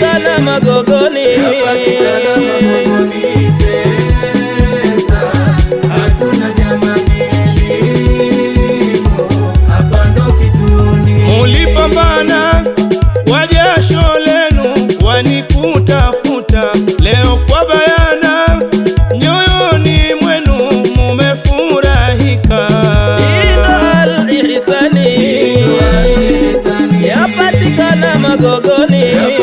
Patikana Magogoni. Mulipambana wajasho lenu, wanikutafuta leo kwa bayana, nyoyoni mwenu mumefurahika. Al ihsani yapatikana Magogoni.